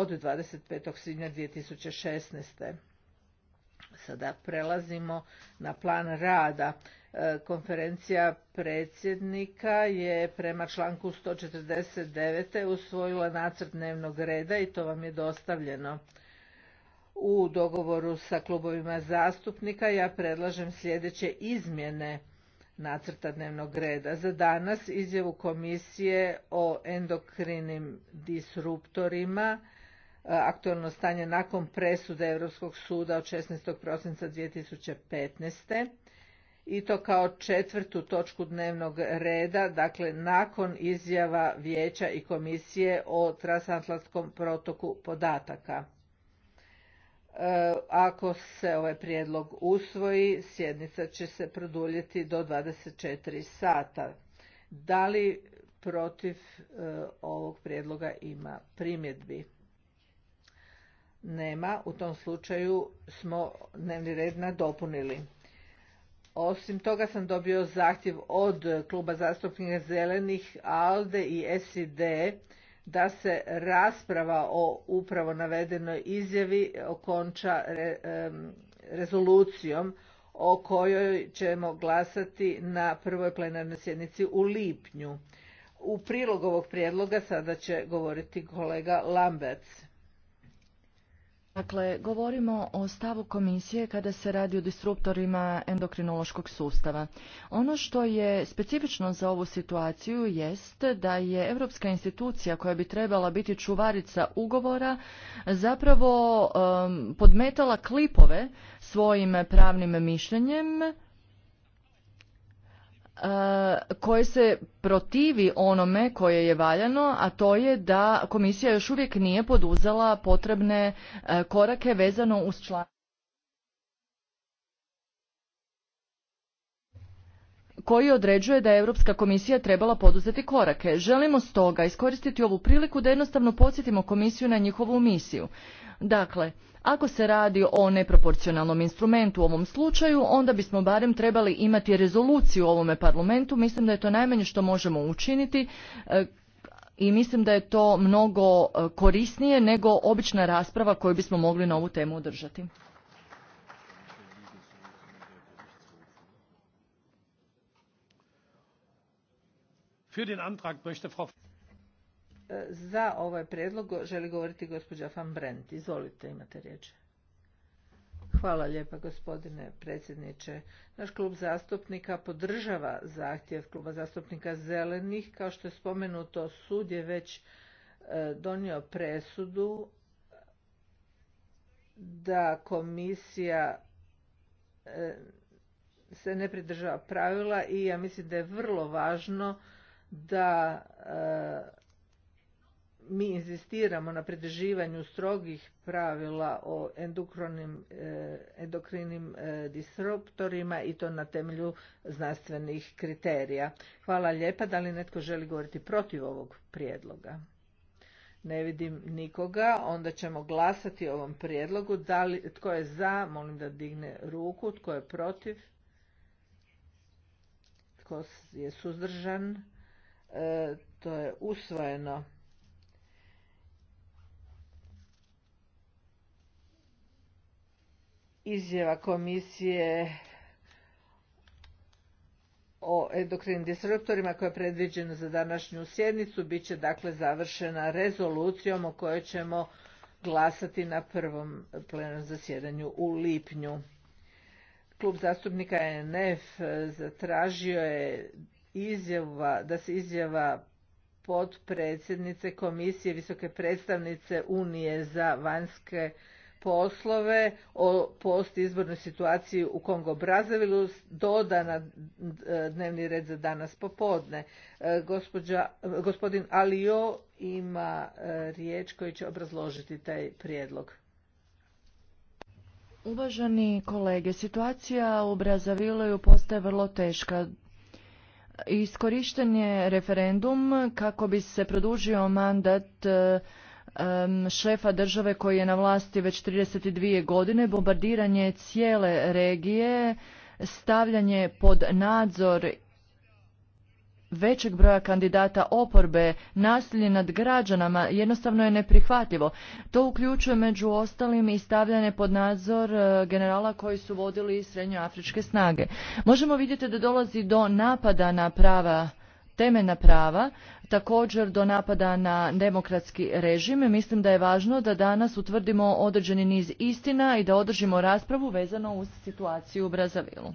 od 25. svibnja 2016. Sada prelazimo na plan rada. E, konferencija predsjednika je prema članku 149. usvojila nacrt dnevnog reda i to vam je dostavljeno. U dogovoru sa klubovima zastupnika ja predlažem sljedeće izmjene nacrta dnevnog reda. Za danas izjavu komisije o endokrinim disruptorima E, aktualno stanje nakon presude Europskog suda od 16. prosinca 2015. I to kao četvrtu točku dnevnog reda, dakle nakon izjava Vijeća i Komisije o transatlantskom protoku podataka. E, ako se ovaj prijedlog usvoji, sjednica će se produljiti do 24 sata. Da li protiv e, ovog prijedloga ima primjedbi? nema, u tom slučaju smo dnevni red nadopunili. Osim toga sam dobio zahtjev od kluba zastupnika Zelenih, ALDE i SID da se rasprava o upravo navedenoj izjavi okonča rezolucijom o kojoj ćemo glasati na prvoj plenarnoj sjednici u lipnju. U prilog ovog prijedloga sada će govoriti kolega Lamberts. Dakle, govorimo o stavu komisije kada se radi o disruptorima endokrinološkog sustava. Ono što je specifično za ovu situaciju jest da je Europska institucija koja bi trebala biti čuvarica ugovora zapravo um, podmetala klipove svojim pravnim mišljenjem E, koje se protivi onome koje je valjano, a to je da komisija još uvijek nije poduzela potrebne e, korake vezano uz članak koji određuje da je Europska komisija trebala poduzeti korake. Želimo stoga iskoristiti ovu priliku da jednostavno podsjetimo komisiju na njihovu misiju. Dakle, ako se radi o neproporcionalnom instrumentu u ovom slučaju, onda bismo barem trebali imati rezoluciju u ovome parlamentu. Mislim da je to najmanje što možemo učiniti e, i mislim da je to mnogo e, korisnije nego obična rasprava koju bismo mogli na ovu temu održati. E, za ovaj predlog želi govoriti gospođa Van Brent. Izvolite, imate riječ. Hvala lijepa gospodine predsjedniče. Naš klub zastupnika podržava zahtjev kluba zastupnika zelenih. Kao što je spomenuto, sud je već e, donio presudu da komisija e, se ne pridržava pravila i ja mislim da je vrlo važno da e, mi inzistiramo na pridrživanju strogih pravila o e, endokrinim e, disruptorima i to na temelju znanstvenih kriterija. Hvala lijepa. Da li netko želi govoriti protiv ovog prijedloga? Ne vidim nikoga. Onda ćemo glasati o ovom prijedlogu. Da li, tko je za? Molim da digne ruku. Tko je protiv? Tko je suzdržan? E, to je usvojeno. Izjava komisije o endokrinim disruptorima koja je predviđena za današnju sjednicu bit će dakle završena rezolucijom o kojoj ćemo glasati na prvom plenarnom zasjedanju u lipnju. Klub zastupnika NF zatražio je izjava, da se izjava potpredsjednice Komisije Visoke predstavnice Unije za vanjske poslove o postizbornoj situaciji u Kongo Brazavilu doda na e, dnevni red za danas popodne. E, e, gospodin Alio ima riječ koji će obrazložiti taj prijedlog. Uvaženi kolege, situacija u Brazavilu postaje vrlo teška. Iskorišten je referendum kako bi se produžio mandat e, šefa države koji je na vlasti već 32 godine, bombardiranje cijele regije, stavljanje pod nadzor većeg broja kandidata oporbe, nasilje nad građanama jednostavno je neprihvatljivo. To uključuje među ostalim i stavljanje pod nadzor e, generala koji su vodili srednjoafričke snage. Možemo vidjeti da dolazi do napada na prava temena prava, također do napada na demokratski režim. Mislim da je važno da danas utvrdimo određeni niz istina i da održimo raspravu vezano uz situaciju u Brazavilu.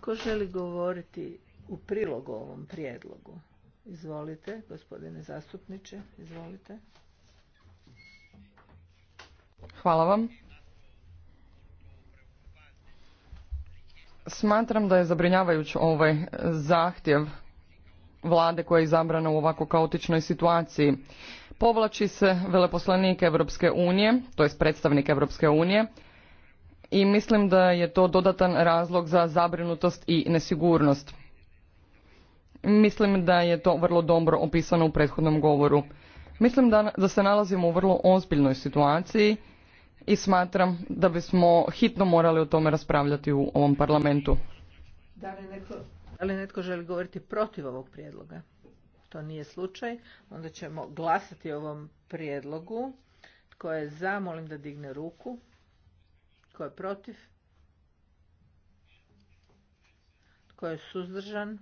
Ko želi govoriti u prilogu ovom prijedlogu. Izvolite, gospodine zastupniče, izvolite. Hvala vam. Smatram da je zabrinjavajuć ovaj zahtjev vlade koja je izabrana u ovako kaotičnoj situaciji. Povlači se veleposlanik Evropske unije, to je predstavnik Evropske unije, i mislim da je to dodatan razlog za zabrinutost i nesigurnost. Mislim da je to vrlo dobro opisano u prethodnom govoru. Mislim da, da se nalazimo u vrlo ozbiljnoj situaciji i smatram da bismo hitno morali o tome raspravljati u ovom parlamentu. Da li netko, da li netko želi govoriti protiv ovog prijedloga? To nije slučaj. Onda ćemo glasati o ovom prijedlogu. Tko je za, molim da digne ruku. Tko je protiv? Tko je suzdržan?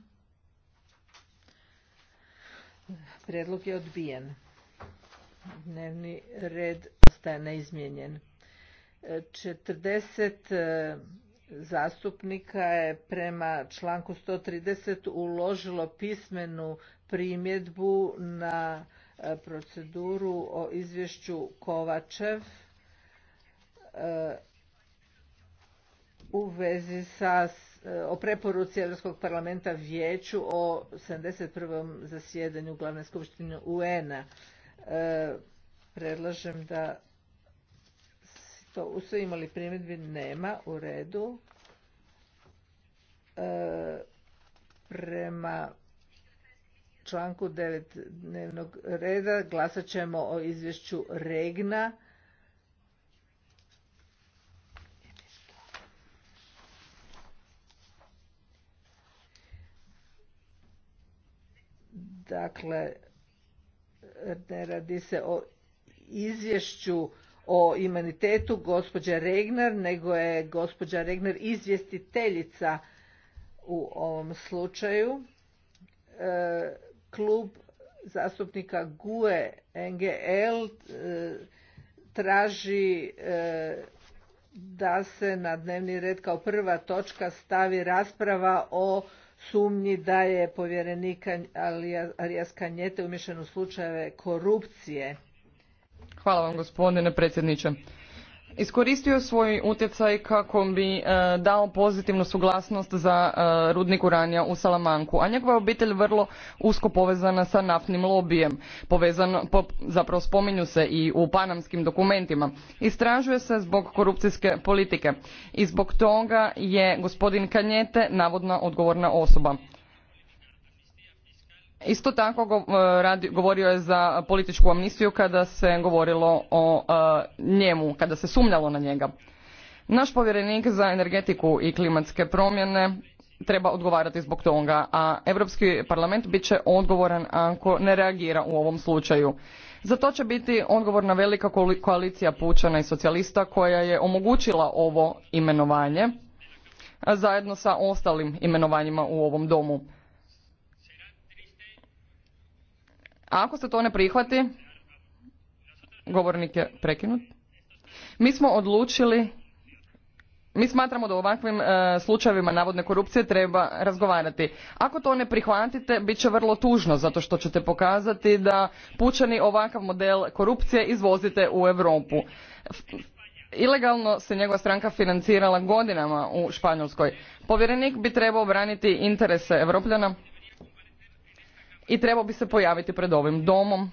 Prijedlog je odbijen. Dnevni red ostaje neizmijenjen. 40 e, zastupnika je prema članku 130 uložilo pismenu primjedbu na e, proceduru o izvješću Kovačev e, u vezi sa E, o preporuci Europskog parlamenta vijeću o 71. zasjedanju glavne skupštine UN-a. E, predlažem da to usvojimo imali primjedbi nema u redu. E, prema članku 9 dnevnog reda glasat ćemo o izvješću Regna Dakle, ne radi se o izvješću o imunitetu gospođa Regner, nego je gospođa Regner izvjestiteljica u ovom slučaju. E, klub zastupnika GUE NGL e, traži e, da se na dnevni red kao prva točka stavi rasprava o sumnji da je povjerenik Arias Kanjete umješan u slučajeve korupcije. Hvala vam gospodine predsjedniče iskoristio svoj utjecaj kako bi e, dao pozitivnu suglasnost za e, rudnik uranija u Salamanku, a njegova obitelj vrlo usko povezana sa naftnim lobijem. Povezano, zapravo spominju se i u panamskim dokumentima. Istražuje se zbog korupcijske politike i zbog toga je gospodin Kanjete navodna odgovorna osoba. Isto tako e, govorio je za političku amnistiju kada se govorilo o e, njemu, kada se sumnjalo na njega. Naš povjerenik za energetiku i klimatske promjene treba odgovarati zbog toga, a Europski parlament bit će odgovoran ako ne reagira u ovom slučaju. Za to će biti odgovorna velika koalicija pučana i socijalista koja je omogućila ovo imenovanje zajedno sa ostalim imenovanjima u ovom domu. ako se to ne prihvati, govornik je prekinut, mi smo odlučili, mi smatramo da u ovakvim e, slučajevima navodne korupcije treba razgovarati. Ako to ne prihvatite, bit će vrlo tužno, zato što ćete pokazati da pučani ovakav model korupcije izvozite u Europu. Ilegalno se njegova stranka financirala godinama u Španjolskoj. Povjerenik bi trebao braniti interese Evropljana i trebao bi se pojaviti pred ovim domom,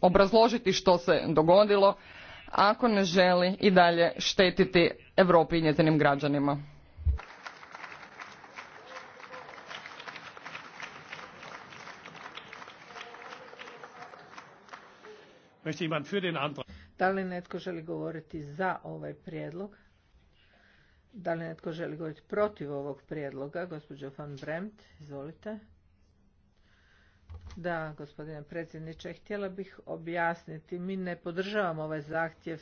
obrazložiti što se dogodilo, ako ne želi i dalje štetiti Europi i njezinim građanima. Da li netko želi govoriti za ovaj prijedlog? Da li netko želi govoriti protiv ovog prijedloga? Gospođo van Bremt, izvolite. Da, gospodine predsjedniče, htjela bih objasniti. Mi ne podržavamo ovaj zahtjev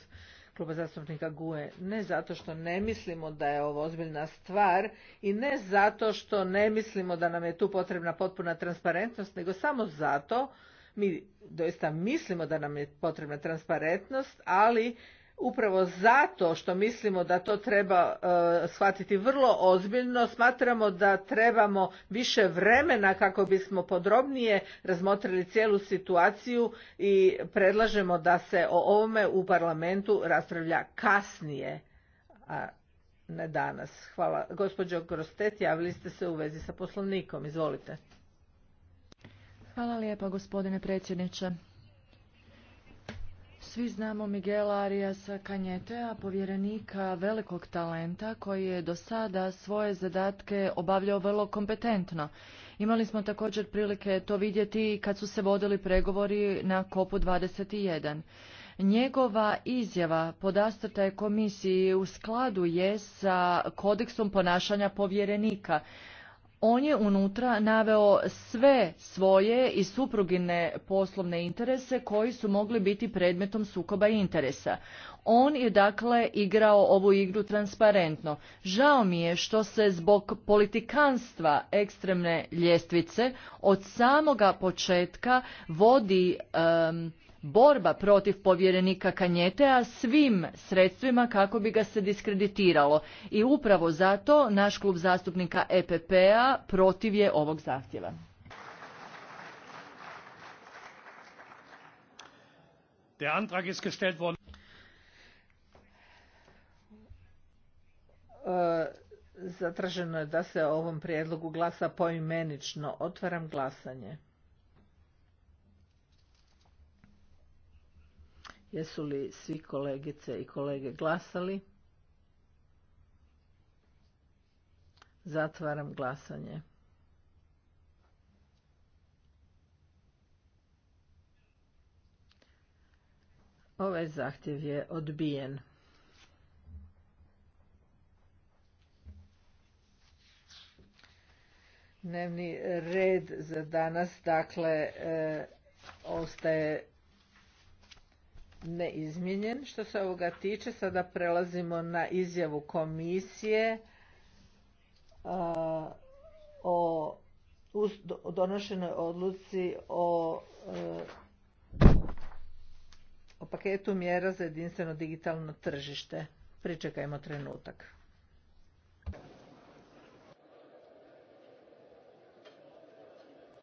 kluba zastupnika GUE. Ne zato što ne mislimo da je ovo ozbiljna stvar i ne zato što ne mislimo da nam je tu potrebna potpuna transparentnost, nego samo zato mi doista mislimo da nam je potrebna transparentnost, ali upravo zato što mislimo da to treba e, shvatiti vrlo ozbiljno smatramo da trebamo više vremena kako bismo podrobnije razmotrili cijelu situaciju i predlažemo da se o ovome u parlamentu raspravlja kasnije a ne danas hvala gospođo grostet javili ste se u vezi sa poslovnikom izvolite hvala lijepa gospodine predsjedniče svi znamo Miguela Arias Kanjetea, povjerenika velikog talenta koji je do sada svoje zadatke obavljao vrlo kompetentno. Imali smo također prilike to vidjeti kad su se vodili pregovori na kopu 21. Njegova izjava podastrta je komisiji u skladu je sa kodeksom ponašanja povjerenika on je unutra naveo sve svoje i suprugine poslovne interese koji su mogli biti predmetom sukoba interesa. On je dakle igrao ovu igru transparentno. Žao mi je što se zbog politikanstva ekstremne ljestvice od samoga početka vodi borba protiv povjerenika Kanjetea svim sredstvima kako bi ga se diskreditiralo. I upravo zato naš klub zastupnika EPP-a protiv je ovog zahtjeva. E, zatraženo je da se o ovom prijedlogu glasa poimenično. Otvaram glasanje. Jesu li svi kolegice i kolege glasali? Zatvaram glasanje. Ovaj zahtjev je odbijen. Dnevni red za danas, dakle, e, ostaje neizmijenjen. Što se ovoga tiče, sada prelazimo na izjavu komisije o donošenoj odluci o, e, o paketu mjera za jedinstveno digitalno tržište. Pričekajmo trenutak.